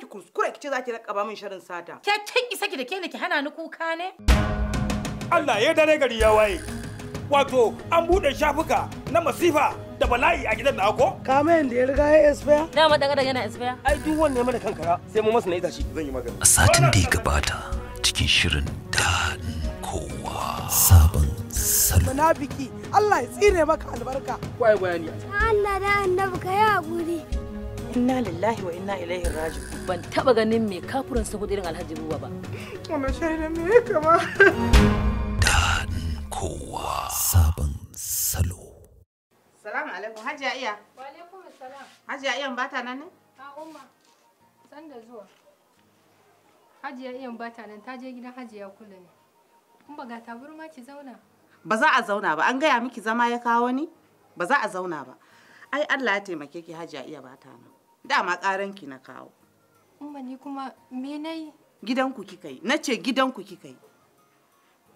ki kuskure ki ce za ki raka ba min sharin sata. Ke kin isa ki da ke ne ki hana ni kuka ne? Allah ya dare gari ya waye. Wato an bude shafuka na masifa da bala'i a gidan na ka mai da ya riga ya expire? ma daga daga yana expire. Ai duk wanne da kankara sai mu masa na ita shi zan yi magana. A satin da ya gabata cikin shirin daɗin kowa. Sabon salo. Allah ya tsine maka albarka. Kwaye bayani. Allah da annabi ka yi haƙuri. inna lillahi wa inna ilaihi raji ban taba ganin mai kafurin saboda irin alhaji ruwa ba wannan shaida me ya kama dan kowa sabon salo salamu alaikum hajiya iya wa alaikum salam iya ba bata nan ne a umma san da zuwa iya ba bata nan ta je gidan ya kula ne kuma ga burma ki zauna ba za a zauna ba an gaya miki zama ya kawo ni ba za a zauna ba ai Allah ya taimake ki hajiya iya bata nan dama karanki na kawo umma ni kuma me nayi gidanku kika yi nace gidanku kika yi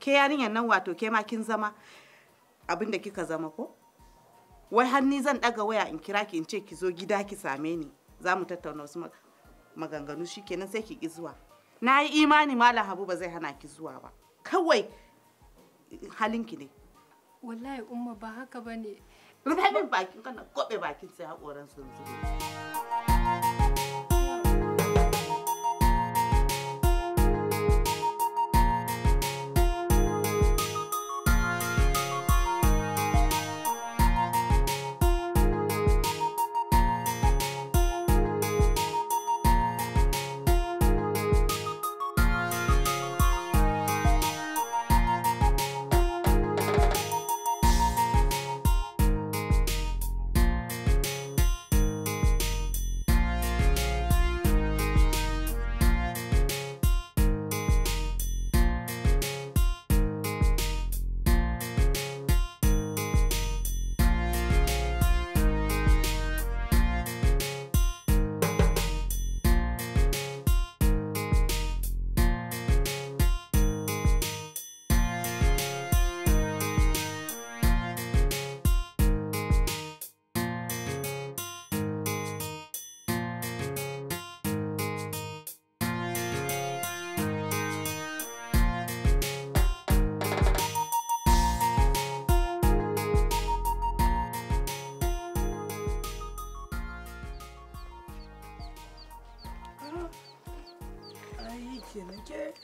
ke yarinyar nan wato ke ma kin zama abin da kika zama ko wai har ni zan daga waya in kira ki in ce ki zo gida ki same ni za mu tattauna wasu maganganu shikenan sai ki ki zuwa na yi imani malam habu ba zai hana ki zuwa ba kawai halinki ne wallahi umma ba haka bane. ne rufe min bakin kana gobe bakin sai hakoran sun zuru ke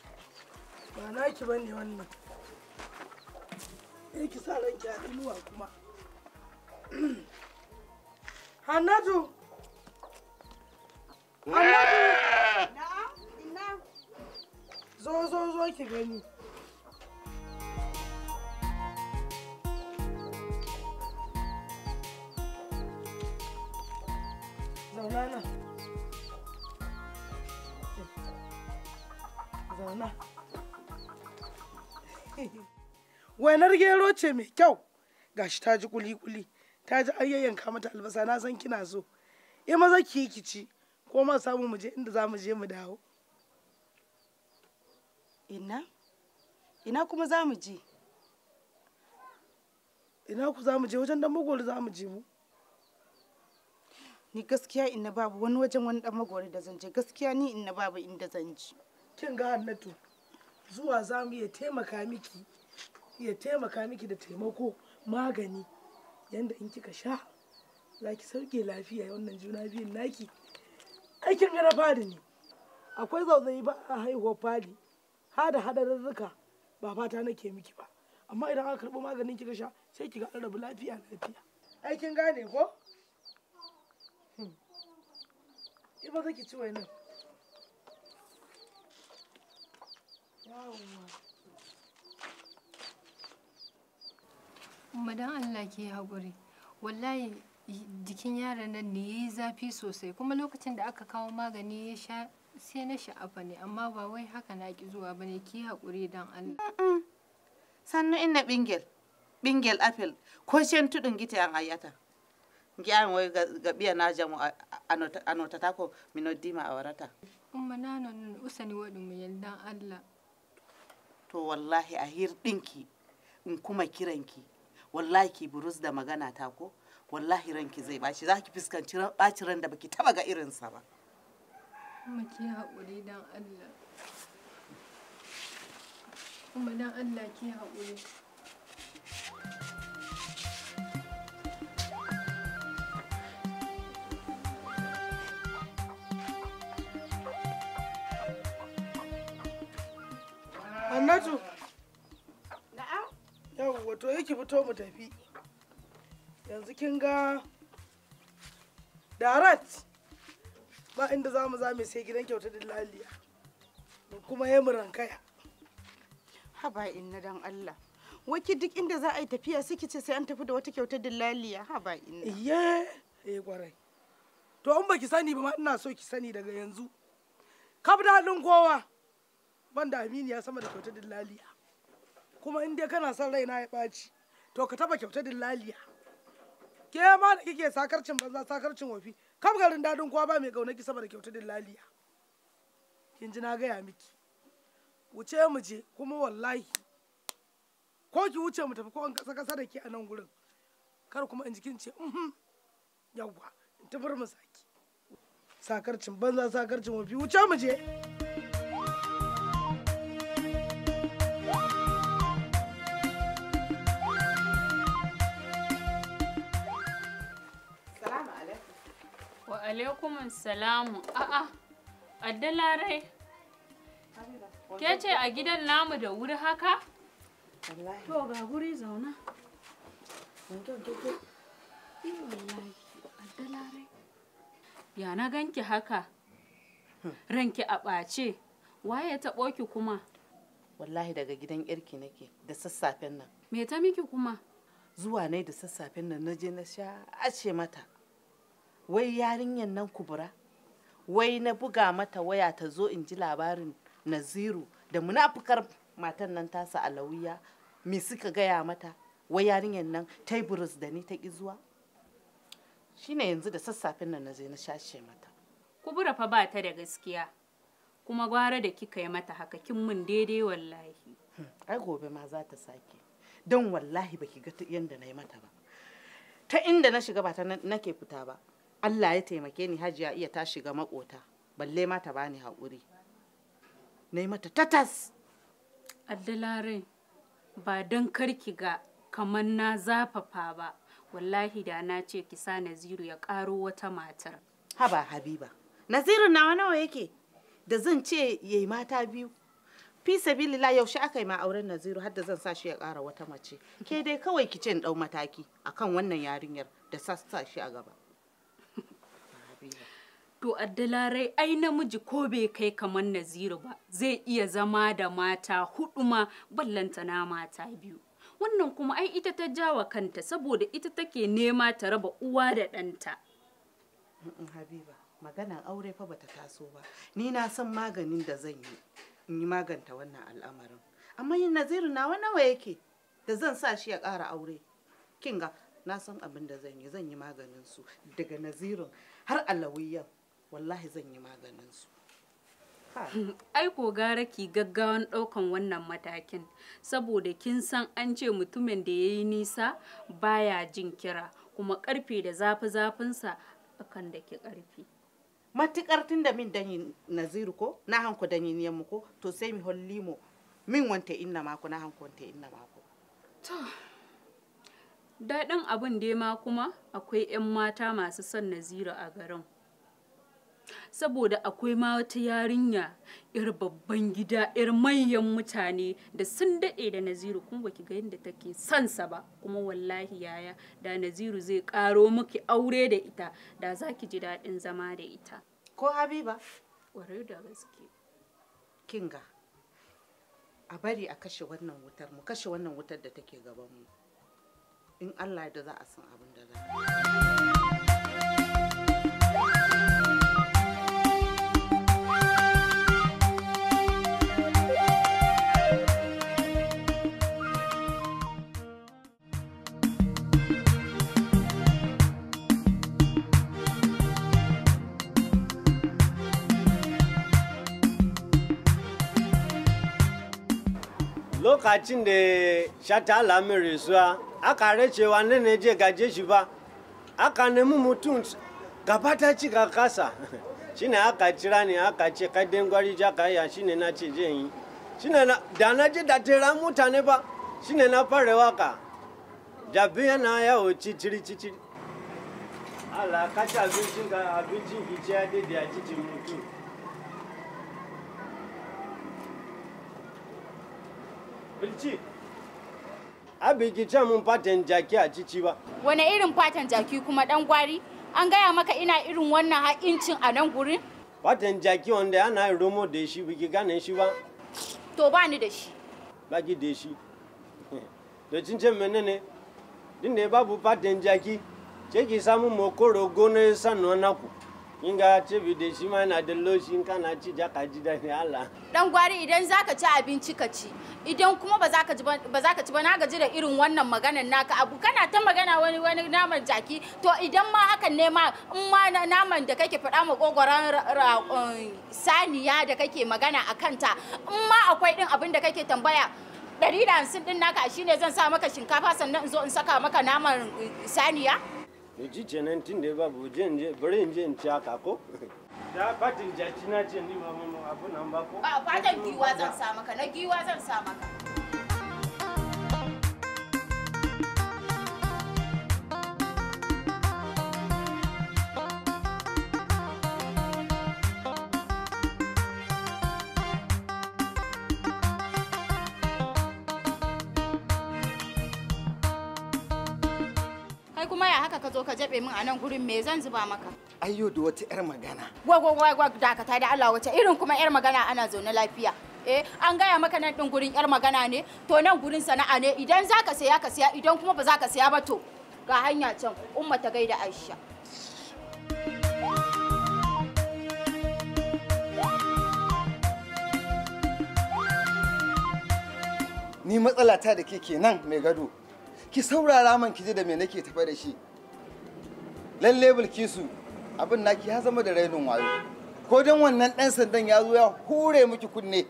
ba naki ba ne wannan ya ki sa ranki a inuwa kuma hannatu zo zo zo mama wainar gero ce mai kyau gashi ta ji kuli-kuli ta ji ayyayyanka mata albasa na san kina so e maza ki ki ci ko ma samu mu je inda za mu je mu dawo ina ina kuma za mu je ina ku za mu je wajen dan magori za mu je mu ni gaskiya inna babu wani wajen wani dan magori da zan je gaskiya ni inna babu inda zan je kin ga hannatu zuwa za mu iya taimaka miki ya taimaka miki da taimako magani yanda in kika sha za ki sauke lafiya wannan juna biyun naki aikin gana fadi ne akwai zauzayi ba a haihuwar fadi hada hadararruka ba fata nake miki ba amma idan aka karɓi maganin kika sha sai kiga ga rabu lafiya lafiya aikin gane ko? Hmm. Iba zaki ci nan. Umma Allah ki haƙuri. Wallahi jikin yaran nan ne yayi zafi sosai kuma lokacin da aka kawo magani ya sha sai na sha'afa ne amma ba wai haka na ki zuwa bane ki haƙuri dan Allah. Sannu inna bingel. Bingel apple ko shen tudun gita an ayyata. an wai ga biya na jamu anota tako minodima awarata. kuma nanon usani wadin mu yaldan Allah. to wallahi a hirɗinki in kuma kiranki wallahi ki burus da magana ta ko wallahi ranki zai ɓaci, za ki fuskanci ɓaci ran da baki taɓa ga irinsa ba kuma ki haƙuri don allah kuma dan allah ki haƙuri Talatu. Na'am. Yawwa to yake fito mu tafi. Yanzu kin ga Darat ba inda za mu za mu sai gidan kyauta da laliya. Da kuma yamuran kaya. Haba inna dan Allah. Waki duk inda za a yi tafiya suke ce sai an tafi da wata kyautar dillaliya haba inna. Iye, eh kwarai. To in baki sani ba ma ina so ki sani daga yanzu. Kabda halin kowa. ban da aminiya sama da kyautar dillaliya kuma in dai kana son raina ya ɓaci to ka taba kyautar dillaliya ke ma da kike sakarcin banza sakarcin wafi kam garin dadin kowa ba mai gaunaki sama da kyautar dillaliya kin ji na gaya miki wuce mu je kuma wallahi ko ki wuce mu tafi ko an kasa kasa da ke a nan gurin kar kuma in jikin ce mhm yawwa in tafar mu saki sakarcin banza sakarcin wafi wuce mu je alaikum salamu. A'a, addalarai. Ke ce a gidan namu da wuri haka? To ga guri zauna. Ya na ganki haka? Hmm. Ranki a ɓace. Waye taɓo ki kuma? Wallahi daga gidan yarki nake da sassafen nan. Me ta miki kuma? Zuwa ne da sassafen nan na je na sha ace mata. wai yarinyan nan kubura wai na buga mata waya ta zo in ji labarin naziru da munafukar matan nan tasa alawiya me suka gaya mata wai yarinyan nan ta yi da ni ta ki zuwa shine yanzu da sassafin nan na je na shashe mata kubura fa ba ta da gaskiya kuma gwara da kika yi mata haka kin mun daidai wallahi hmm, ai gobe ma za ta sake don wallahi baki ga yadda na yi mata ba ta inda na shiga ba ta nake fita ba Allah ya taimake ni hajiya iya tashi ga makota balle ma ta bani haƙuri na yi mata tatas addalare ba don karki ga kamar na zafafa ba wallahi da na ce ki sa naziru ya ƙaro wata matar haba habiba naziru nawa nawa yake da zan ce yayi mata biyu fi sabilillah yaushe aka yi ma auren naziru har da zan sa shi ya ƙara wata mace ke dai kawai ki ce in ɗau mataki akan wannan yarinyar da sa shi a gaba To addalarai ai namiji ko bai kai kamar Naziru ba zai iya zama da mata hudu ma na mata biyu. Wannan kuma ai ita ta jawa kanta saboda ita take nema ta raba uwa da ɗanta. Habiba, maganan aure fa bata taso ba. Ni na san maganin da zan yi in yi maganta wannan al'amarin. Amma yin Naziru nawa nawa yake da zan sa shi ya ƙara aure. Kinga, na san abin da zan yi zan yi maganin su daga Naziru, har alawiyan wallahi zan yi maganin su ai ko gara ki gaggawan ɗaukan wannan matakin saboda kin san an ce mutumin da ya yi nisa baya jin kira kuma karfe da zafi zafinsa akan da ke karfe. matukar tun da min danyi naziru ko na hanku danyi niyan ko to sai mi holli mu min wanta inna mako na hanku wanta inna mako to daɗin abin dai ma kuma akwai 'yan mata masu son naziru a garin saboda akwai ma wata yarinya yar babban gida yar manyan mutane da sun daɗe da naziru kuma baki ga yadda take sansa ba kuma wallahi yaya da naziru zai ƙaro miki aure da ita da za ki ji daɗin zama da ita ko habiba ƙwarai da gaske kinga a bari a kashe wannan wutar mu kashe wannan wutar da take gaban mu in allah da za a san abin da za a yi. lokacin da shata alamin zuwa aka racewa na ne je gaje shi ba aka nemi mutum gaba ta ci ga kasa Shi ne aka cira ne aka ce kai gwari yi ya shine na ce je yi ne da na je da tera mutane ba Shi ne na fara waka jabi yana yawo ciciri ciciri ala ka abincin ka abincin ki ci ya daidai a cikin mutum bilci a bikice mun fatan jaki a cici ba Wane irin fatan jaki kuma dan gwari an gaya maka ina irin wannan ha'incin a nan gurin fatan jaki wanda ana romo da shi biki gane shi ba to ba ni da shi ba ki da shi da cincin mene ne da babu fatan jaki ce ki samu mokoro gonar sannuwa naku inga ci bide shi ma na da shi in kana ci ja ka ji dani Allah dan gwari idan zaka ci abinci ka ci idan kuma ba zaka ji ba ci ba na gaji da irin wannan maganar naka abu kana ta magana wani wani naman jaki to idan ma hakan ne ma in ma naman da kake faɗa ma kogoron um, saniya da kake magana a kanta in ma akwai din abin da kake tambaya ɗari da hamsin ɗin naka shine zan sa maka shinkafa sannan in zo in saka maka naman um, saniya da ji kenan tun da babu je bari in je in ci ko ah, da fatin jaki na ce ni ba mun abu nan ba ko a fatan giwa zan sa maka na giwa zan sa maka ka zo ka jabe min a nan gurin me zan zuba maka ayyo da wata yar magana gwagwagwa dakata da Allah wace irin kuma yar magana ana zaune lafiya eh an gaya maka nan din gurin yar magana ne to nan gurin sana'a ne idan zaka saya ka saya idan kuma ba za ka saya ba to ga hanya can umma ta gaida Aisha ni matsalata da ke kenan mai gado ki saurara man ki ji da me nake tafa da shi lalle bilkisu abin naki ya zama da rainin wayo ko don wannan ɗan sandan ya zo ya hure miki kunne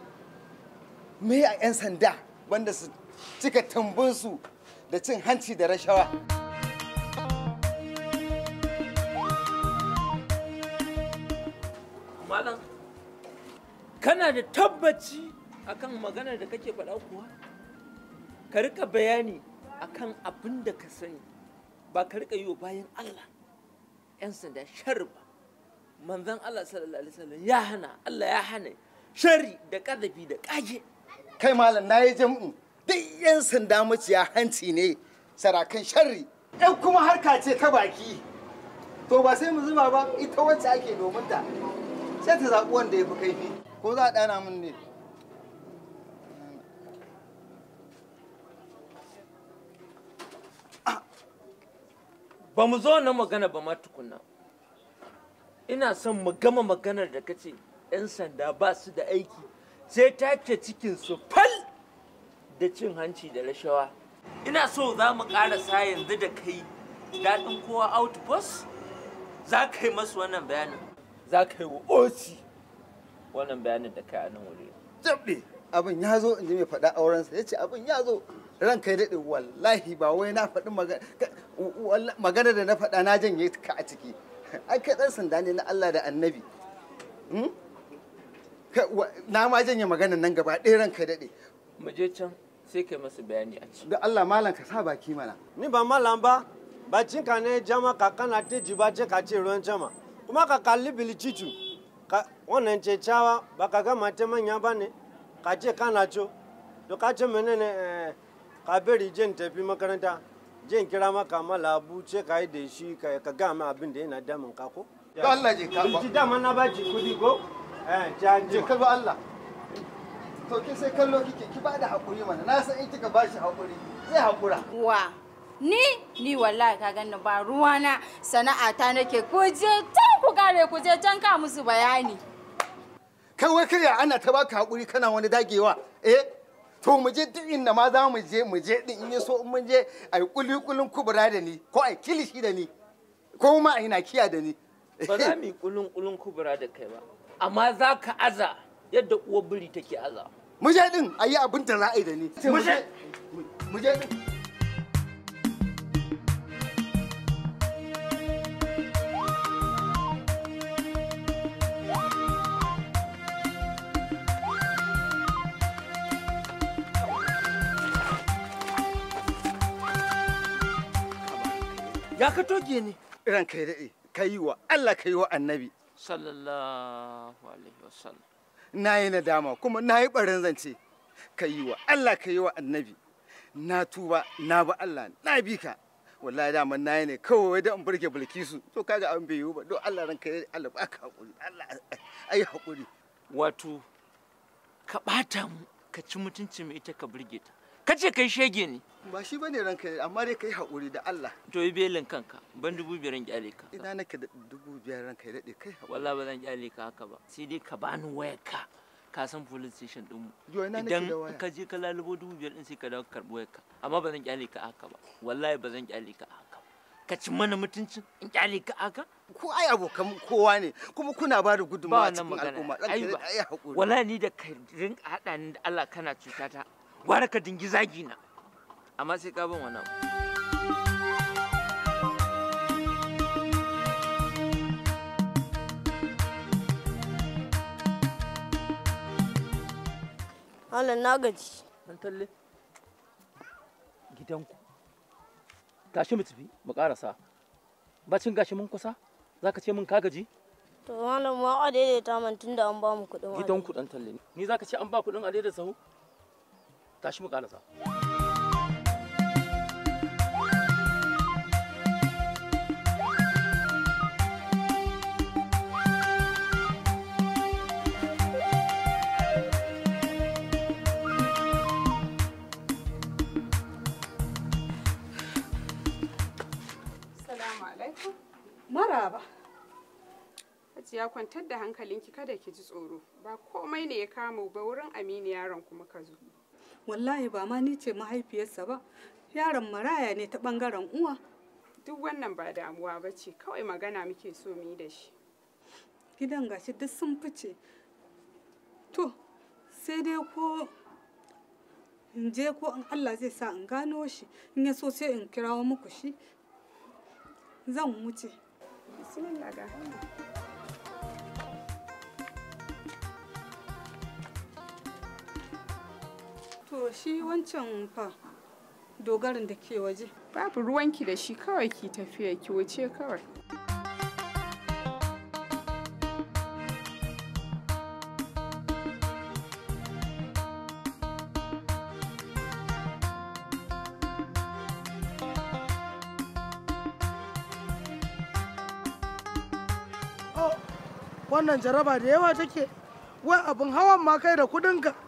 me a 'yan sanda banda su cika tambunsu da cin hanci da rashawa malam kana da tabbaci akan maganar da kake faɗa kuwa ka rika bayani akan abin da ka sani ba ka rika yi wa bayan allah 'yan sanda shari ba manzan Allah sallallahu alaihi wasallam ya hana Allah ya hana shari da kadafi da kage kai malam yi jam'u duk 'yan sanda maciya hanci ne sarakan shari ɗan kuma harka ce ta baki to ba sai mu zuba ba ita wacce ake domin ta sai ta zaɓi wanda ya fi kaifi ko za a ɗana min ne ba mu zo na magana ba ma tukuna ina son mu gama maganar da kace 'yan sanda ba su da aiki sai take cikinsu fal da cin hanci da rashawa ina so za mu sa yanzu da kai daɗin kowa outpost za ka yi masu wannan bayanin za ka yi wa oci wannan bayanin da kai a nan wuri abin ya zo in ji mai faɗa aurensa ya ce abin ya zo ranka ya daɗe wallahi ba wai na faɗi magana da na faɗa na janye ka a ciki ai kai ɗan sanda ne na Allah da annabi hmm? na ma janye magana nan gaba ɗaya ranka ya daɗe mu je can sai kai masa bayani a ciki da Allah malam ka sa baki mana ni ba malam ba bacin ka ne jama ka kana te ba ce ka ce ruwan jama kuma ka kalli bilicicu wannan ce cawa ba ka ga mata manya ba ne ka ce kana co to ka ce menene eh, ka bari jin tafi makaranta jin kira maka malabu ce ka yi da shi ka ga ma abin da yana damun ka ko ga Allah je ka ba ji dama na baji kudi ko eh je ka ba Allah to ke sai kallo kike ki ba da hakuri mana na san in kika bashi hakuri zai hakura wa ni ni wallahi ka ganni ba ruwana sana'ata nake ku je ku kare ku je can ka musu bayani Kan wai kai ana ta baka hakuri kana wani dagewa eh to mu je duk inda ma za mu je mu je din in yaso in mun je ai kulin kubura da ni ko ai kilishi da ni ko ma ai nakiya da ni ba za mu yi kulin kubura da kai ba amma za ka aza yadda uwar biri take aza mu je din ayi abin da za a yi da ni mu je mu je din ya ka toge ni ran kai daɗe ka yi wa allah ka yi wa annabi sallallahu alaihi wasallam na yi nadama kuma na yi ɓarin zance ka yi wa allah ka yi wa annabi na tuba na bi allah na bi ka wallahi dama na yi ne kawai da in burge bilkisu to kaga an bai yiwu ba don allah ran kai allah ba ka haƙuri allah ayi haƙuri wato ka ɓata mu ka ci mutuncin mu ita ka burge ta Ka kace kai shege ne ba shi bane ranka amma dai kai haƙuri da Allah to yi belin kanka ban dubu biyar in kyale ka ina nake da dubu biyar ranka ya dade kai haƙuri wallahi ba zan kyale ka haka ba sai dai ka bani wayar ka ka san police station din mu idan ka je ka lalubo dubu biyar din sai ka dawo ka karbi wayar ka amma ba zan kyale ka haka ba wallahi ba zan kyale ka haka ka ci mana mutuncin in kyale ka haka ku ai abokan kowa ne kuma kuna ba da gudunmawa cikin al'umma ai haƙuri wallahi ni da ka rinka haɗa ni da Allah kana cutata gwara ka dingi zagi na amma sai ka bin wani abu Malam na gaji. An talle. Gidanku. Tashi mu tafi mu karasa. Bacin gashi mun kusa? Za ka ce mun ka gaji? To malam ma a daidaita man tunda an ba mu kuɗin. Gidanku dan talle. Ni za ka ce an ba kuɗin a daidaita sahu? tashi mu karasa Maraba. Hajiya kwantar da hankalinki kada ki ji tsoro. Ba komai ne ya kama ba wurin amini yaron kuma ka zo. wallahi ba ma ni ce mahaifiyarsa ba yaron maraya ne ta bangaren uwa duk wannan ba damuwa ba ce kawai magana muke so mu yi da shi gidan gashi duk sun fice to sai dai ko in je ko in allah zai sa in gano shi in ya so sai in kirawo muku shi zan wuce bismillah ga To shi wancan fa dogarin da ke waje. Babu ruwanki da shi kawai ki tafiya ki wuce kawai. Oh, wannan jaraba da yawa take, wai abin hawan ma kai da kudinka.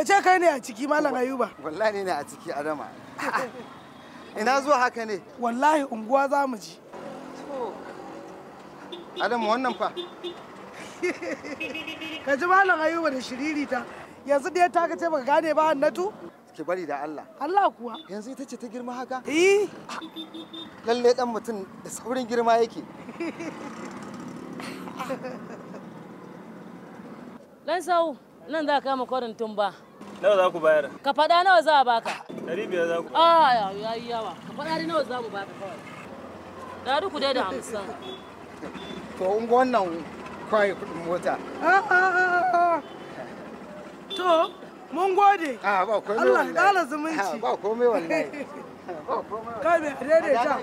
ka ce kai ne a ciki malam ayuba wallahi ne ne a ciki adama ina zuwa haka ne wallahi unguwa za mu ji adama wannan fa ka ji malam ayuba da shiririta yanzu da ta taka ce baka gane ba annatu ki bari da Allah Allah kuwa yanzu ita ce ta girma haka eh lalle dan mutum da saurin girma yake dan sau nan za ka kama kwarin tumba Nawa za ku bayar? Ka faɗa nawa za a baka. Ɗari biyar za ku. Ah, ya yi yawa. Ka faɗa ni nawa za mu baka kawai. Dari ku dai da hamsin. To, in wannan kwaye kuɗin mota. Ah, ah, ah, to, mun gode. Ah, ba Allah ya ƙara zumunci. Ba komai wallahi. Kai mai daidaita.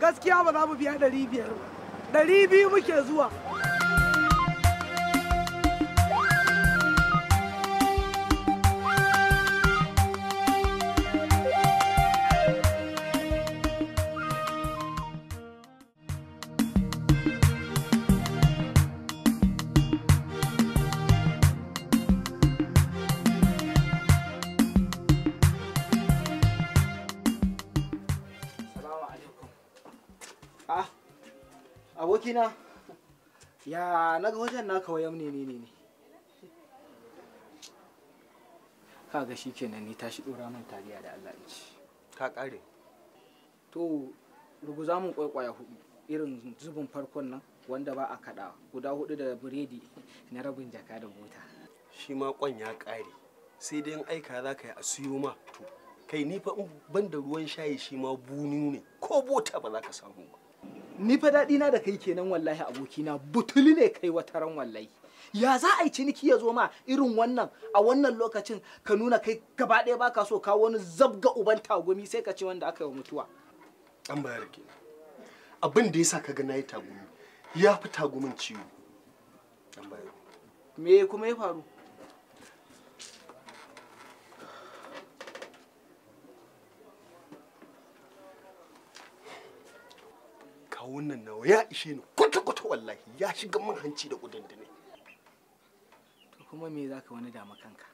Gaskiya ba za mu biya ɗari biyar ba. Ɗari biyu muke zuwa. abokina ya naga wajen naka wayan ne ne ne ga shi kenan ni tashi dora min taliya da Allah in ci ka kare to ruguza mun kwaikwaya hudu irin zubin farkon nan wanda ba a kada guda hudu da biredi na rabin jaka da mota. shi ma kwan ya kare sai dai in aika za ka yi a siyo ma to kai ni fa ban da ruwan shayi shi ma bunu ne ko bota ba za ka samu ba ni fa daɗi na da kai kenan wallahi abokina butuli ne kai wata ran wallahi ya za a yi ciniki ya zo ma irin wannan a wannan lokacin ka nuna kai gaba ɗaya baka so ka wani zabga uban tagumi sai ka ce wanda aka yi wa mutuwa an bayar ke abin da yasa kaga nayi tagumi ya fi tagumin ciwo an bayar me kuma ya faru Wannan nawa ya ishe ni kwata-kwata wallahi ya shiga min hanci da kudindine. To kuma me za ka wani dama kanka?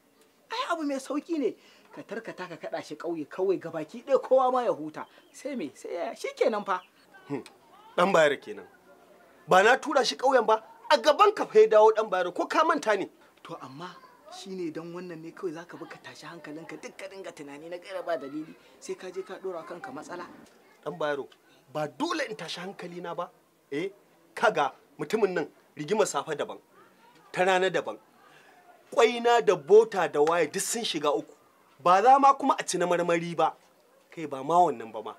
Ai abu mai sauki ne ka tarkata ka kaɗa shi ƙauye kawai gabaki ɗaya kowa ma ya huta sai me sai ya shi kenan fa. Hmm. Ɗan bayar kenan. Ba na tura shi ƙauyen ba a gaban ka fa ya dawo ɗan bayar ko ka manta ne. To amma shi ne don wannan ne kawai zaka bi ka tashi hankalinka duk ka dinga tunani na gaira ba dalili sai ka je ka ɗora kanka matsala. Ɗan bayaro ba dole in tashi hankali na ba eh kaga mutumin nan rigima safa daban ta rana daban kwai na da bota da waye duk sun shiga uku ba za ma kuma a ci na marmari ba kai ba ma wannan ba ma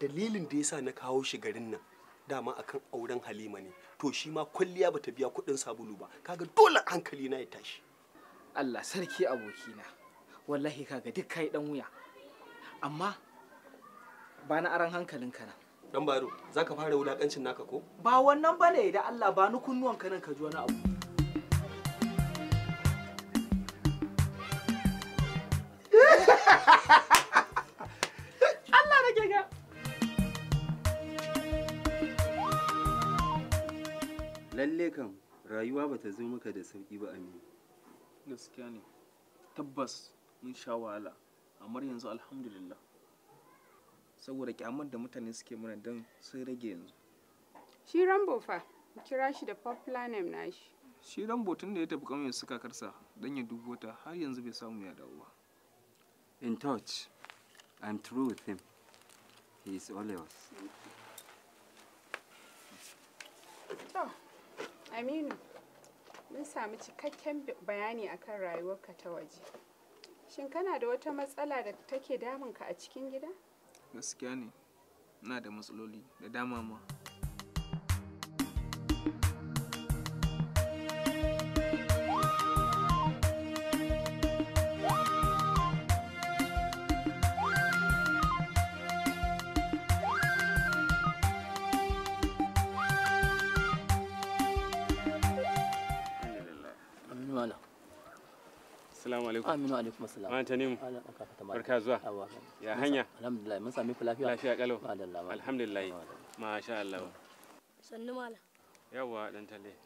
dalilin da yasa na kawo shi garin nan dama akan auren halima ne to shi ma kwalliya bata biya kuɗin sabulu ba kaga dole hankali na ya tashi Allah sarki abokina wallahi kaga duk kai dan wuya amma ba na aran hankalin kana dan baro zaka fara wulakancin naka ko ba wannan bane da Allah ba ni kunnuwan kanan ka ji wani abu Allah da ga lalle kam rayuwa ba ta zo maka da sauki ba aminu gaskiya ne tabbas mun sha wahala amma yanzu alhamdulillah saboda kyamar da mutane suke mana don sun rage yanzu shi rambo fa kira shi da popular name nashi shi rambo tun da ya tafi ƙauyen suka karsa don ya dubo ta har yanzu bai samu ya dawo ba in touch i'm true with him he is all yours to aminu mun samu cikakken bayani akan rayuwarka ta waje shin kana da wata matsala da take damunka a cikin gida gaskiya ne na da matsaloli da dama ma Assalamu alaikum. Aminu alaikum assalam. Ana Tanimu. Barka zuwa. Ya hanya. Alhamdulillah mun sami ku lafiya. Lafiya kalau. Alhamdulillah. Masha Allah. Sannu mala. Yawa dan talle.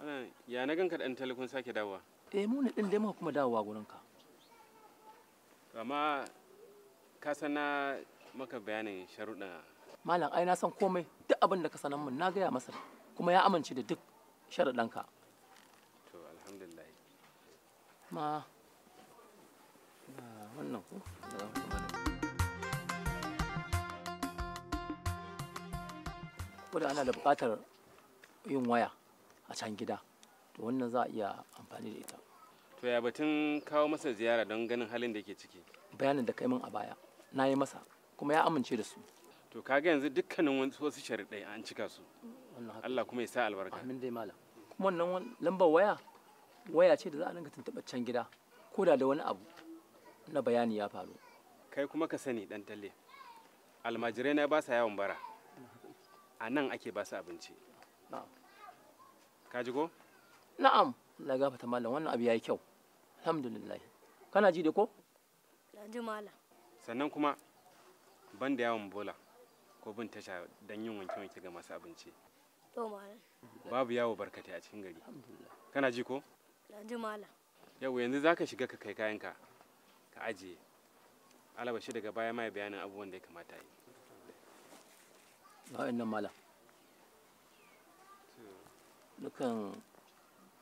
Ana ya na ganka dan tale kun sake dawowa. Eh mu ne din dai muka kuma dawowa gurin ka. Amma ka san na maka bayanin sharuɗa. Malam ai na san komai duk abin da ka sanan mun na gaya masa kuma ya amince da duk sharuɗanka. ka. kuma wannan ah, da ana da buƙatar yin waya a can gida to wannan za a iya amfani da ita to ya batun kawo masa ziyara don ganin halin da ke ciki bayanin da kai min a baya na yi masa kuma ya amince da su to kaga yanzu dukkanin wasu sharuɗai an cika su Allah kuma ya sa albarka amin dai malam kuma wannan lambar waya waya ce da za a dinga tuntuɓa can gida ko da da wani abu na bayani ya faru kai kuma ka sani dan talle almajirai na ba sa yawon bara a nan ake ba su abinci ka ji ko na'am la gafata Mallam wannan abu yayi kyau alhamdulillah kana ji da ko na ji mallam sannan kuma ban da yawon bola ko bin tasha don yin wanke-wanke ga masu abinci babu yawo barkatai a cikin gari kana ji ko na ji yau yanzu zaka shiga ka kai kayanka ka ajiye alabashi daga baya mai bayanin abubuwan da ya kamata yi ga nan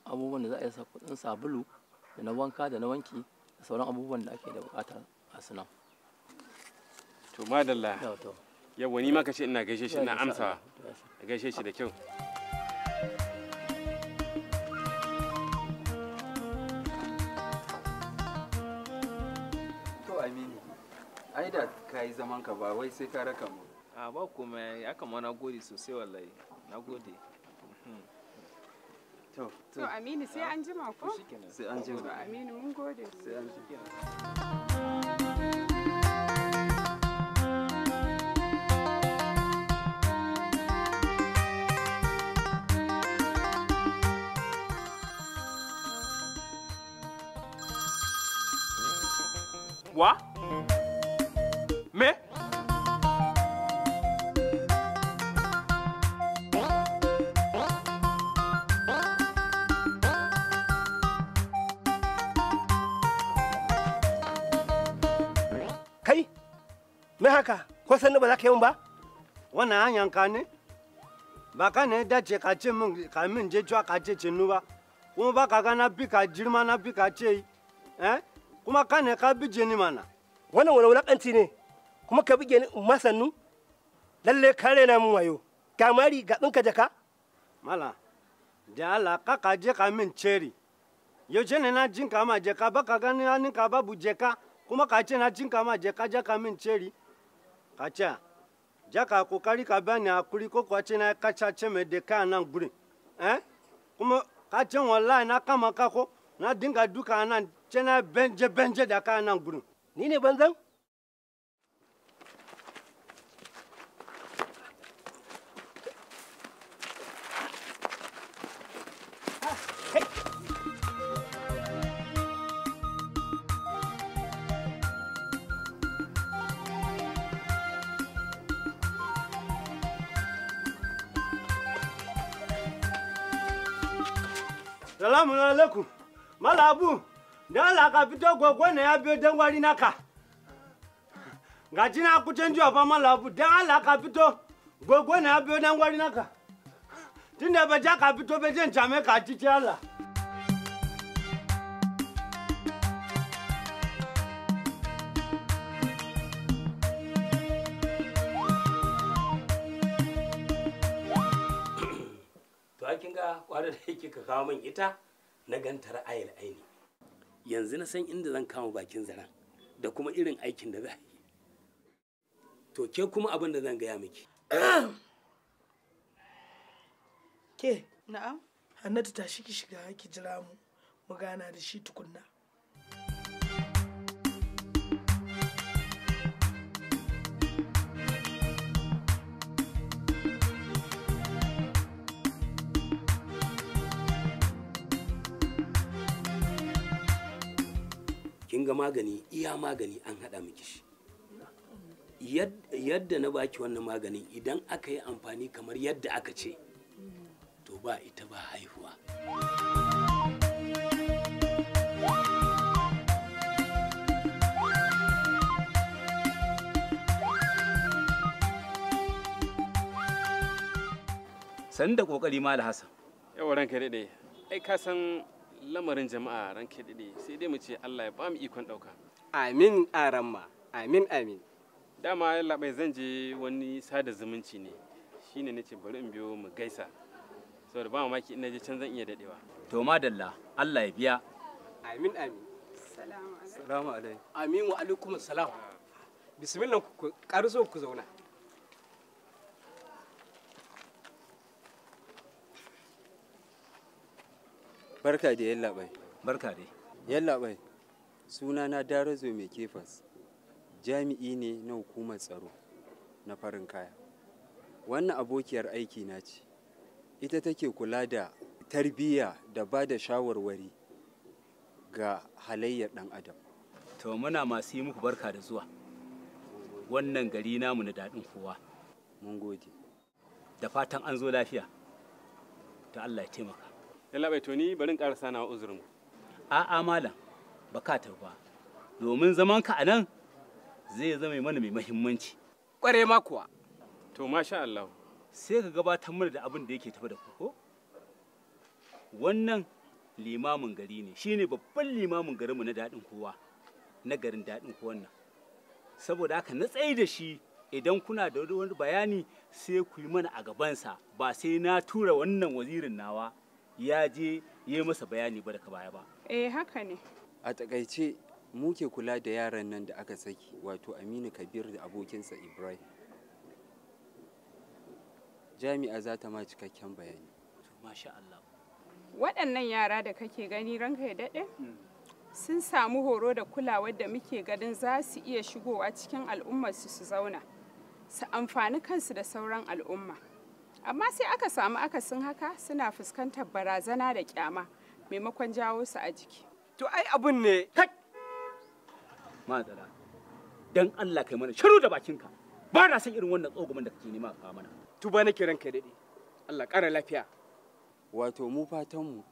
abubuwan da za a yi kudin sabulu da na wanka da na wanki da sauran abubuwan da ake da bukata a sunan to madalla yau ma ka ce ina gaishe shi ina amsa gaishe shi da kyau ai da ka yi zaman ka ba wai sai ka raka mu a ba kuma ya kama na gode sosai wallahi na gode to to aminu sai an jima ko sai an jima aminu mun gode sai an jima ko sanni ba za ka yi ba wannan an yanka ne ba ka ne da ce ka ce min ka min je cewa ka ce cinu ba kuma ba ka ga na bi ka jirma na bi ka ce eh kuma ka ne ka bi je ni mana wannan wani wulakanci ne kuma ka bige ni masannu lalle ka rena mun wayo ga mari ga ɗinka jaka mala da ala ka ka je ka min ceri yaushe ne na jinka ma jaka ba ka gani ka babu jaka kuma ka ce na jinka ma jaka ka min ceri kacha jaka kokari ka bani ni hakuri ko kuwa ce na kacha ce de ka na nan eh kuma ka ce na kama kako na dinga duka na ce na benje benje da k'a nan gure ni ne banzan malabu da Allah ka fito na ya biyo dan wari naka ga jina ku canjiwa malabu dan Allah ka fito na ya biyo dan wari naka tunda ba ja ka fito ba jan jame ka ci Allah to kin ga kwarar da yake ka kawo min ita na ganta ra'ayil aini yanzu na san inda zan kama bakin zaren da kuma irin aikin da za yi to ke kuma abin da zan gaya miki ke na'am hannatu tashi ki shiga ki jira mu mu gana da shi tukunna ga magani iya magani an haɗa miki shi yadda na baki wannan maganin idan aka yi amfani kamar yadda aka ce to ba ita ba haihuwa sanda kokari da hassan yawon ranka daɗe ai ka lamarin jama'a ran kiɗiɗi sai dai mu ce Allah ya ba mu ikon ɗauka. Amin aramma, amin amin. Dama ya bai zan je wani sada zumunci ne, shine nace bari in biyo mu gaisa. Saboda ba mamaki ina je can zan iya daɗewa. To madalla, Allah ya biya. Amin amin. Salamu alaikum. Salamu alaikum. aminu alaikum salam. Bismillah ku karso ku zauna. barka da yallaɓai barka dai yallaɓai suna na darazo mai kefas jami'i ne na hukumar tsaro na farin kaya wannan abokiyar aiki na ce ita take kula da tarbiyya da ba da shawarwari ga halayyar ɗan adam to muna masu yi muku barka da zuwa wannan gari namu na daɗin kowa mun gode da fatan an zo lafiya ta allah ya taimaka yalla bai toni bari in karasa na uzurin a'a malam baka ba domin zaman ka anan zai zama mana mai muhimmanci kware ma kuwa to masha Allah sai ka gabatar mana da abin da yake tafi da ku ko wannan limamin gari ne shine babban limamin garin mu na daɗin kowa na garin daɗin kowa nan saboda haka na tsayi da shi idan kuna da wani bayani sai ku yi mana a gabansa ba sai na tura wannan wazirin nawa ya je ya yi masa bayani ba daga baya ba eh haka ne a takaice mu ke kula da yaran nan da aka saki wato aminu kabir da abokinsa ibrahim jami'a za ta ma cikakken bayani masha Allah waɗannan yara da kake gani ranka ya daɗe hmm. sun samu horo da kulawar da muke ganin za su iya shigowa cikin al'ummarsu su zauna su amfani kansu da sauran al'umma amma sai aka samu akasin haka suna fuskantar barazana da kyama maimakon jawo su a jiki to ai abun ne madara dan Allah kai mana shiru da bakinka ba na san irin wannan tsogumin da kake nema ka mana tuba nake ranka dade Allah ƙara lafiya wato mu fatan mu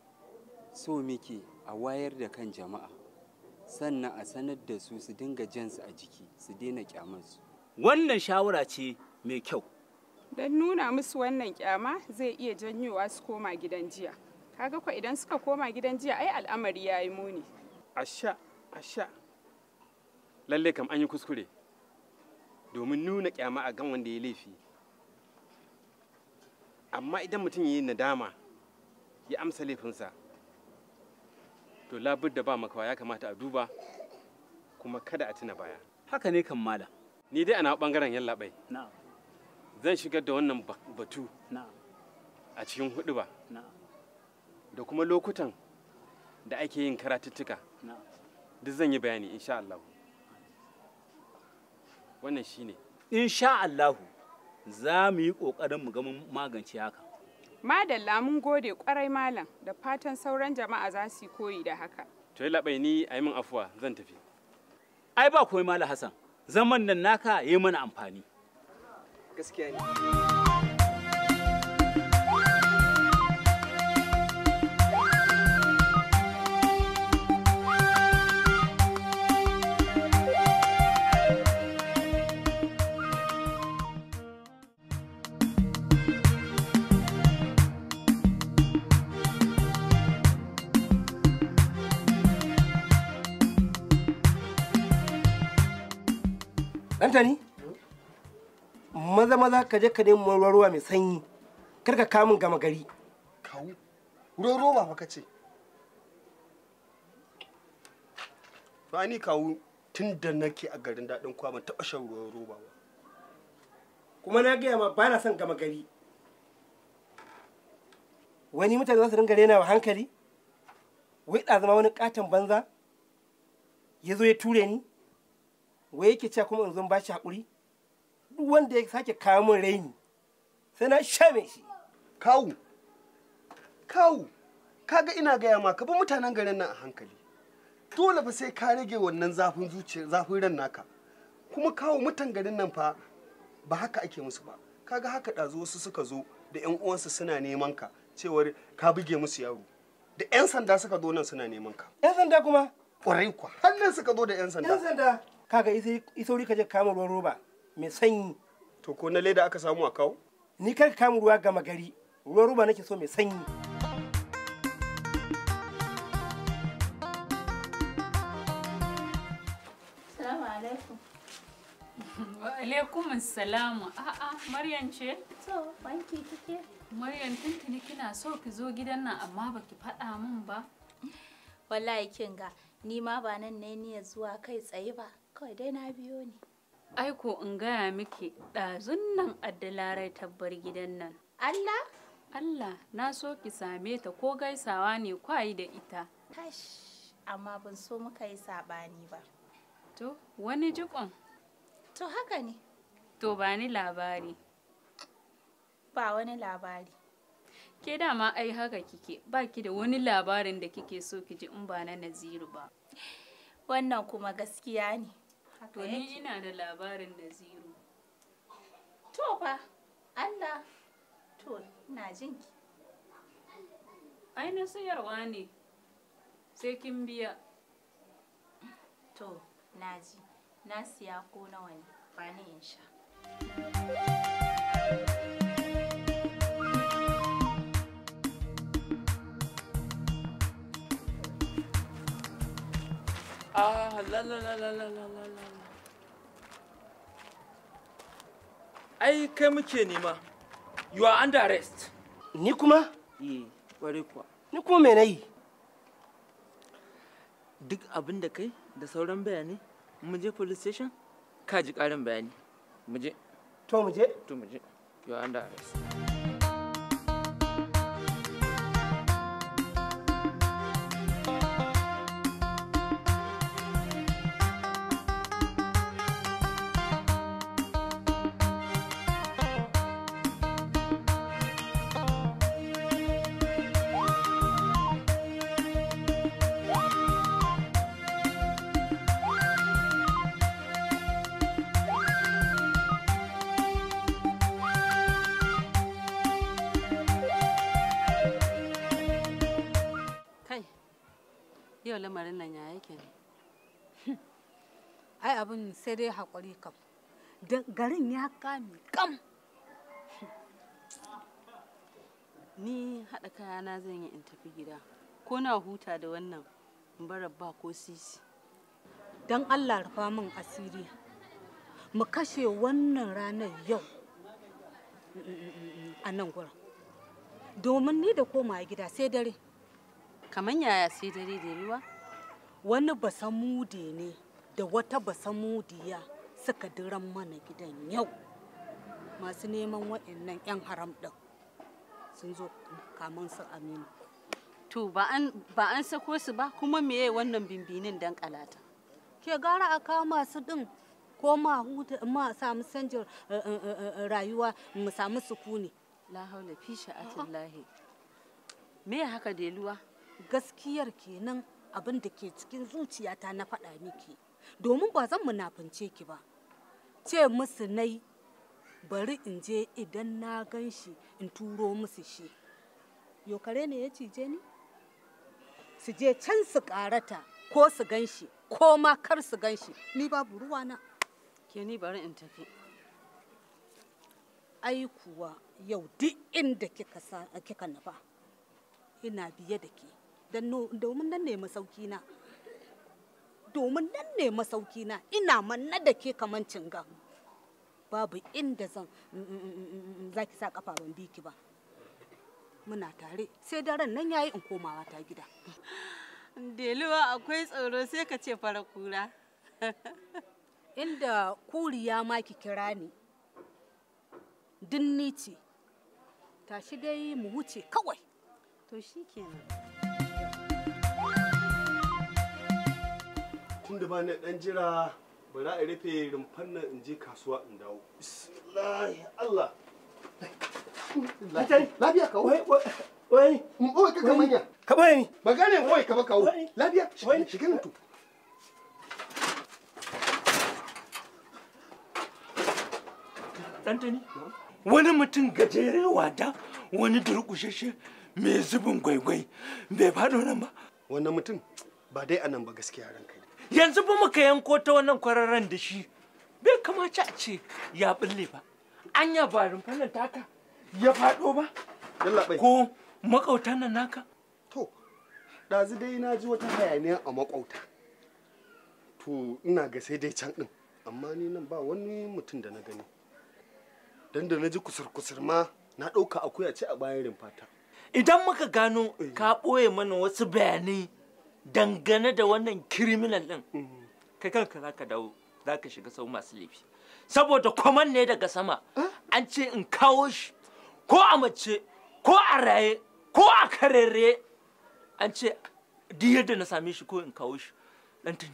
so muke a wayar da kan jama'a sannan a sanar da su su dinga jansu a jiki su daina kyamansu wannan shawara ce mai kyau don nuna musu wannan kyama zai iya janyowa su koma gidan jiya kaga ko idan suka koma gidan jiya ai al'amari ya yi muni asha asha lalle kam an yi kuskure domin nuna kyama a gan wanda ya laifi amma idan mutum ya yi nadama ya amsa laifinsa to labur da ba makawa ya kamata a duba kuma kada a tuna baya haka ne kan malam ni dai ana bangaren yallaɓai na'am zan shigar da wannan batu a cikin hudu ba da kuma lokutan da ake yin karatuttuka duk zan yi bayani insha Allah wannan shine insha Allah za mu yi kokarin mu ga magance haka madalla mun gode kwarai malam da fatan sauran jama'a za su koyi da haka to yi labai ni a yi min afuwa zan tafi ai ba komai malam hasan zaman nan naka yi mana amfani Casquiani. ka je ka nemi ruwa ruwa mai sanyi kar ka kamun gama gari kawo ruwa ruwa ba ka ce to ni kawo tun da nake a garin daɗin kuwa ban taɓa shan ruwa roba ba kuma na gaya ma ba na son gama gari wani mutane za su dinga rena wa hankali wai ɗa zama wani ƙaton banza ya zo ya ture ni wai yake cewa kuma in zo ba shi haƙuri wanda ya sake kawo min raini sai na shame shi kawu kawu kaga ina gaya ma ka bi mutanen garin nan a hankali dole fa sai ka rage wannan zafin zuciya zafin ran naka kuma kawo mutan garin nan fa ba haka ake musu ba kaga haka ɗazu wasu suka zo da yan uwansu suna neman ka cewar ka buge musu yaro da yan sanda suka zo nan suna neman ka yan sanda kuma kwarai kwa har nan suka zo da yan sanda yan sanda kaga isauri ka je kama ruwan roba mai sanyi to ko na leda aka samu a kawo ni kar ka ruwa gama gari ruwan ruba nake so mai sanyi alaikum salamu a'a maryam ce to wanki kike maryam tuntuni kina so ki zo gidan nan amma baki faɗa min ba wallahi kin ga ni ma ba nan ne niyyar zuwa kai tsaye ba kawai dai na biyo ni. Aiko in gaya miki ɗazun nan addalarai tabbar gidan nan. Allah? Allah na so ki same ta ko gaisawa ne kwayi da ita. Tash, amma ban so muka yi saɓani ba. To, wani jikon? To haka ne. To ba ni labari. Ba wani labari. Ke dama ai haka kike, ba ki da wani labarin da kike so ki ji in ba na Naziru ba. Wannan kuma gaskiya ne. to ni ina da labarin naziru to fa allah to ina jinki ai sayarwa ne sai kin biya to na ji na siya ko nawa ne ba ni in sha Ah, la la la la la la la. Ai kai muke nema. You are under arrest. Ni kuma? Eh, kware kuwa. Ni kuma me nayi? Duk abin da kai da sauran bayani mu je police station ka ji karin bayani. Mu je. To mu je? To mu je. You are under arrest. yau lamarin nan ya yake ne ai abin sai dai haƙuri kam garin ya kame kam ni haɗa kayana zan yi in tafi gida ko na huta da wannan in bara ba ko sisi don allah rufa min asiri mu kashe wannan ranar yau mm, mm, mm, a nan gurin domin ni da koma gida sai dare kamar yaya sai dare da ruwa wani basamude ne da wata basamudiya suka diran mana gidan yau masu neman waɗannan 'yan haram ɗin sun zo kamar su aminu to ba an sako su ba kuma meye wannan bimbinin don kalata ke gara a kama masu ɗin ko ma samu sanjin eh, eh, eh, rayuwa mu samu sukuni la haula fi lahi. me haka deluwa gaskiyar kenan abin da ke cikin zuciyata na faɗa miki domin ba zan munafince ki ba ce musu nai bari in je idan na gan shi in turo musu shi yokare ne ya cije ni su je can su karata ko su gan shi ko ma kar su gan shi ni babu ruwa na ke ni bari in tafi ai kuwa yau duk inda kika nufa ina biye da ke domin nan ne masauki na domin nan ne masauki na ina manna da ke kamancin ga babu inda zan mm, mm, mm, zaki sa kafa ban bi ki ba muna tare sai daren nan yayi in komawa ta gida deluwa akwai tsoro sai ka ce fara kura inda kuriya ma ki kira ni dinni ce tashi dai mu wuce kawai to shikenan tunda ba na dan jira bara a rufe rumfan nan in je kasuwa in dawo Bismillah allah lafiya ka wai wai mun mm, boye ka ya. ka ni. ba gane wai ka ba kawo lafiya shiga nan to Tantani. wani mutum gajere wada wani durƙushashe mai zubin gwaigwai bai faɗo nan ba Wannan mutum ba dai anan ba gaskiya ranka yanzu ba muka yanko ta wannan kwararren da shi bai kamata a ce ya bulle ba anya ba rumfanan taka ya faɗo ba ko makauta nan naka to ɗazu dai na ji wata hayaniya a makauta to ina ga sai dai can ɗin amma ni nan ba wani mutum da na gani dan da na ji kusur-kusur ma na ɗauka akuya ce a bayan rumfata idan muka gano eh. ka ɓoye mana wasu bayanai dangane da wannan criminal din mm. kai kanka zaka dawo zaka shiga sau masu laifi saboda kwaman ne daga sama an ce in kawo shi ko a mace ko a raye ko a karere an ce duk yadda na same shi ko in kawo shi dan tuni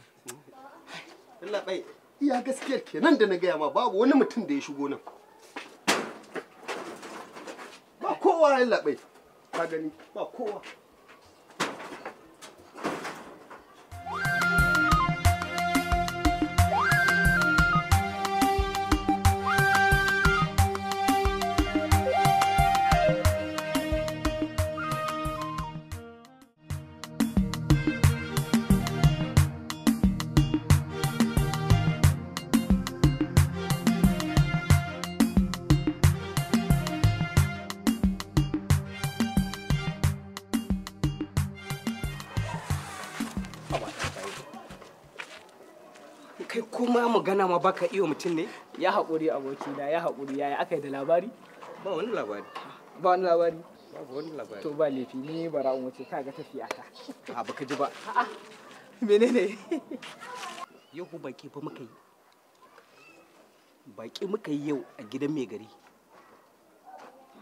Allah bai iya gaskiyar kenan da na gaya ma babu wani mutum da ya shigo nan ba kowa Allah bai ka gani ba kowa magana ma baka iya mutum ne ya haƙuri aboki da ya haƙuri yaya aka yi da labari ba wani labari ba wani labari ba wani labari to ba laifi ni bara in wuce kaga tafiya ta a baka ji ba a'a menene yau baki fa muka yi baki muka yi yau a gidan mai gari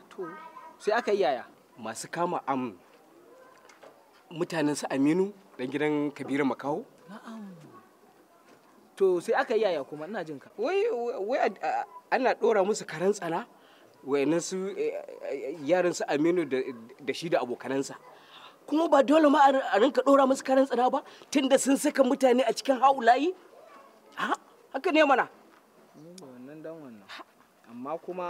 to sai aka yi yaya masu kama am mutanen su aminu dan gidan kabiru makaho na'am to sai aka yaya kuma ina jinka wai wai ana dora musu karan tsana wayannan su eh, eh, yaran su Aminu da shi da abokanansa kuma ba dole ma a rinka dora musu karan tsana ba tunda sun saka mutane a cikin haulayi ha haka ne mana wannan dan wannan amma kuma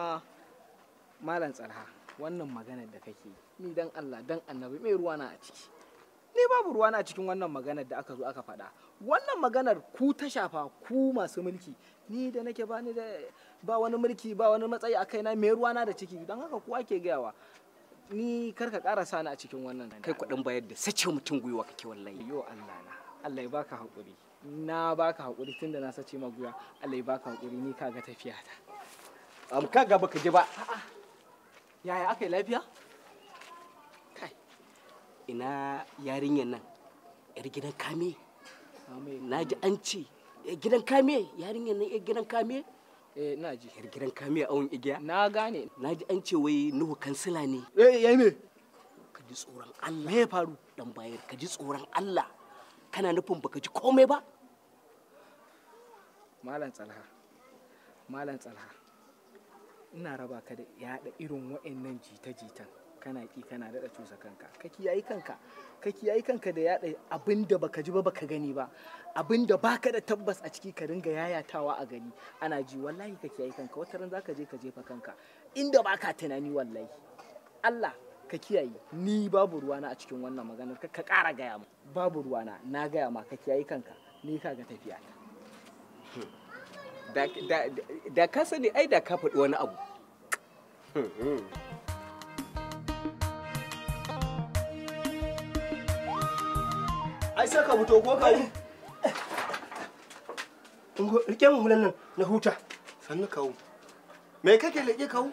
malam tsarha wannan maganar da kake ni dan Allah dan annabi mai ruwa na a ciki ni babu ruwa na cikin wannan maganar da aka zo aka faɗa wannan maganar ku ta shafa ku masu mulki ni da nake ba ni da ba wani mulki ba wani matsayi a kaina me ruwa na da ciki don haka ku ke gayawa ni kar ka ƙara sani a cikin wannan kai kuɗin bayar da sace mutum gwiwa kake wallahi yo Allah na Allah ya baka hakuri na baka hakuri tunda na sace ma gwiwa Allah ya baka hakuri ni kaga tafiya ta am kaga baka je ba yaya aka yi lafiya ina yarinyar nan yar gidan kame na ji an ce gidan kame yarinyar nan yar gidan kame eh na ji yar gidan kame a awon igiya na gane na ji an ce wai nuhu kansila ne eh yayi ne ka ji tsoron Allah me ya faru dan bayar ka ji tsoron Allah kana nufin baka ji komai ba malam tsalha malam tsalha ina raba ka da yada irin wa'annan jita-jitan kana ki kana daɗa cusa kanka ka kiyaye kanka ka kiyaye kanka da yaɗa abin da baka ji ba baka gani ba abin da baka da tabbas a ciki ka ringa yayatawa a gari ana ji wallahi ka kiyaye kanka wata ran zaka je ka jefa kanka inda baka tunani wallahi Allah ka kiyaye ni babu ruwana a cikin wannan maganar ka ƙara gaya ma babu ruwana na gaya ma ka kiyaye kanka ni ka ga tafiya hmm. da ka sani ai da ka faɗi wani abu hmm, hmm. ai sai ka fito ko kai rike mu hulan nan na huta sannu kawo me kake leƙe kawo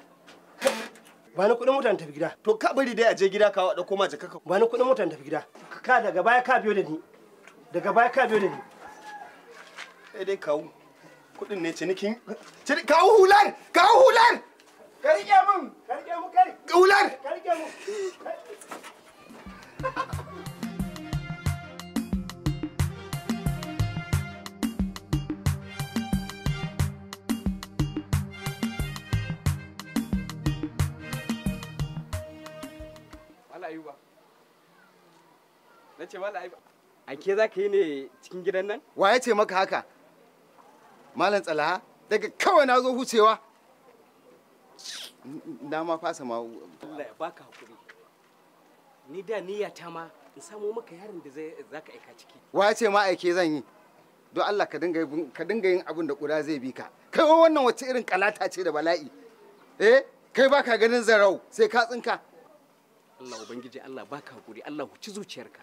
ba ni kudin mutan tafi gida to ka bari dai a je gida kawo a koma ma jaka ba ni kudin mutan tafi gida ka daga baya ka biyo da ni daga baya ka biyo da ni kai dai kawo kudin ne cinikin kawo hular kawo hular ka riƙe mun ka riƙe mun kai hular ka riƙe mun na ce a ke za ka yi ne cikin gidan nan wa ya ce maka haka malam tsalaha daga kawai na zo hucewa na ma fasa ma Allah ya baka hakuri ni da niyya ta ma in samo maka yaron da za ka aika ciki wa ya ce ma aike zan yi don Allah ka dinga ka dinga yin abin da kuda zai bi ka kai wannan wace irin kalata ce da bala'i eh kai baka ganin zarau sai ka tsinka Allah ubangiji Allah baka hakuri Allah huci zuciyarka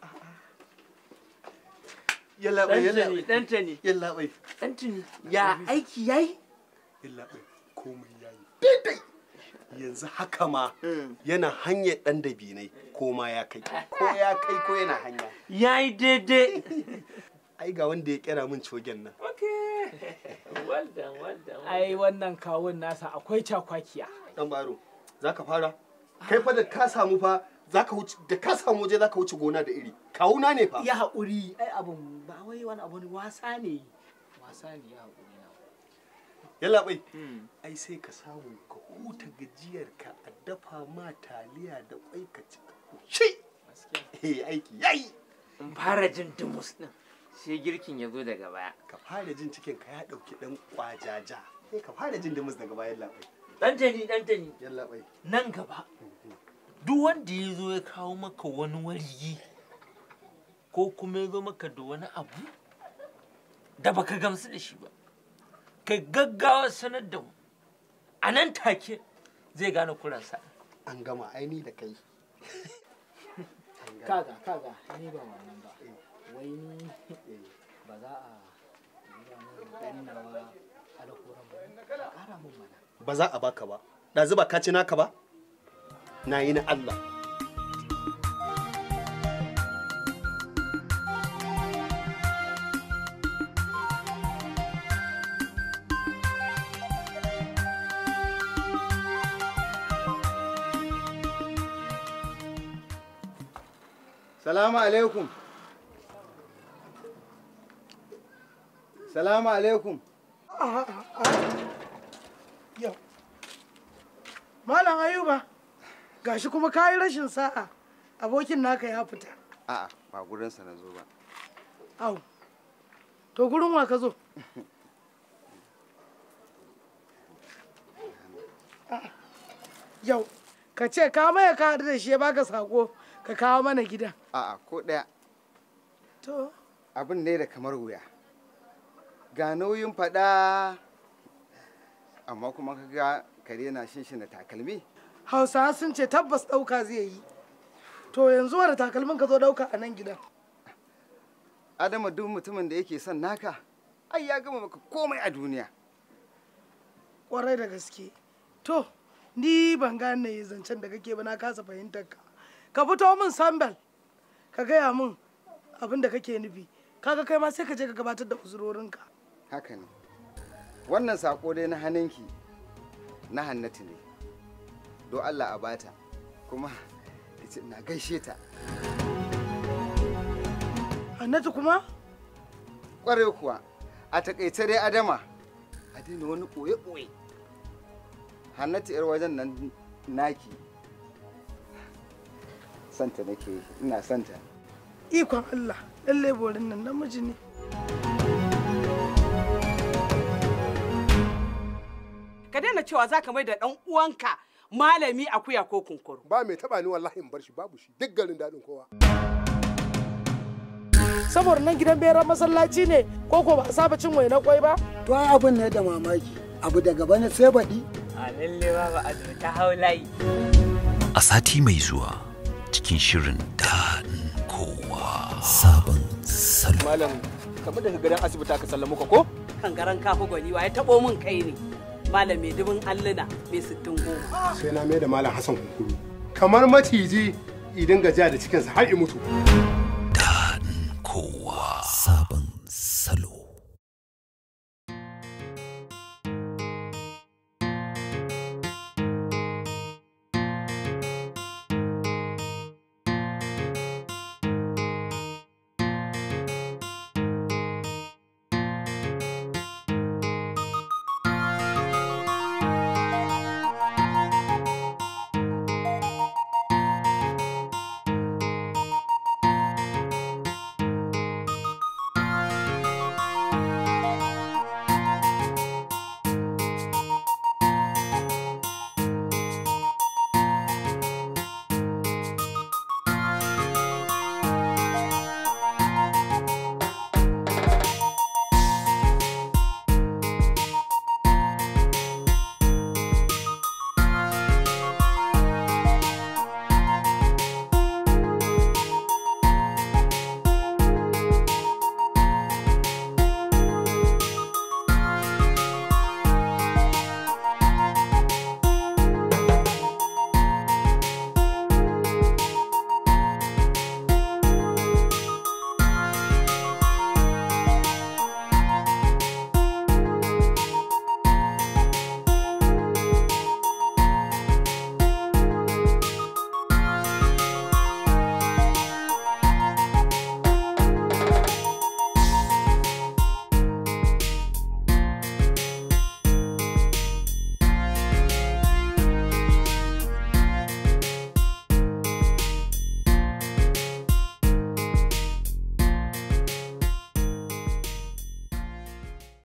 yallaɓai yallaɓai ya aiki yayi daidai yanzu haka ma eh. yana hanyar ɗan dabinai ko ma ya kai ko ya kai ko yana hanya yayi daidai ai ga wanda ya kera min cogen nan ai wannan kawun nasa akwai cakwakiya dan baro zaka fara kai fa da ka samu fa zaka wuce da ka samu waje zaka wuce gona da iri kawuna ne fa ya haƙuri ai abun ba wai wani abu wasa ne wasa ne ya haƙuri na yalla bai hmm. ai sai ka samu ka huta gajiyar ka a dafa ma taliya da kwai ka ci shi eh aiki yayi in fara jin dumus din sai girkin ya zo daga baya ka fara jin cikin ka ya dauki dan kwajaja sai eh, ka fara jin dumus daga baya yalla bai dan tani dan tani yalla bai nan gaba hmm. duk wanda ya zo ya kawo maka wani wariyi ko kuma ya zo maka da wani abu da baka gamsu da shi ba ka gaggawa sanar da mu a nan take zai gane kuransa an gama aini da kai kaga kaga ni ba wannan ba eh. wai ni eh. ba za a ba za a baka ba ɗazu ba ka ci naka ba na yi na Allah Salamu alaikum. Salamu alaikum. Malam Ayuba. gashi kuma kayi rashin sa'a abokin naka ya fita a'a ba gurinsa na zo ba au to gurin wa ka zo yau ka ce ka maye ka haɗu da shi ya baka sako ka kawo mana gidan a'a ko ɗaya to abin ne da kamar wuya ga nauyin faɗa amma kuma ka ga kare na shinshina takalmi hausawa sun ce tabbas ɗauka zai yi to yanzu wani takalmin ka zo ɗauka a nan gidan adama duk mutumin da yake son naka ai ya gama maka komai a duniya kwarai da gaske to ni ban gane zancen da kake ba na kasa fahimtar ka ka fito min sambal ka gaya min abin da kake nufi kaga kai ma sai ka je ka gabatar da uzurorinka haka ne wannan sako dai na hannunki na hannatu ne don Allah a bata kuma na gaishe ta Hannatu kuma Kware kuwa a takaice dai adama a daina wani koye-koye Hannatu yar wajen nan naki santa nake ina santa ikon Allah lallai borin nan namiji ne ka daina cewa za ka mai da ɗan uwanka malami akuya ko kunkuru ba mai taba ni wallahi in bar shi babu shi duk garin dadin kowa saboda nan gidan beran masallaci ne ko ko ba saba cin waina kwai ba to ai abun ne da mamaki abu daga bana sai baɗi a lalle ba a ta haulayi a sati mai zuwa cikin shirin daɗin kowa sabon salo malam kamar daga gidan asibiti aka sallamu ka ko kan garan kafa gwani wa ya taɓo min kai ne malam mai dubin alluna mai sittin goma sai na mai da malam hassan kunkuru kamar maciji idan gajiya da cikinsa har yi mutu daɗin kowa sabon salo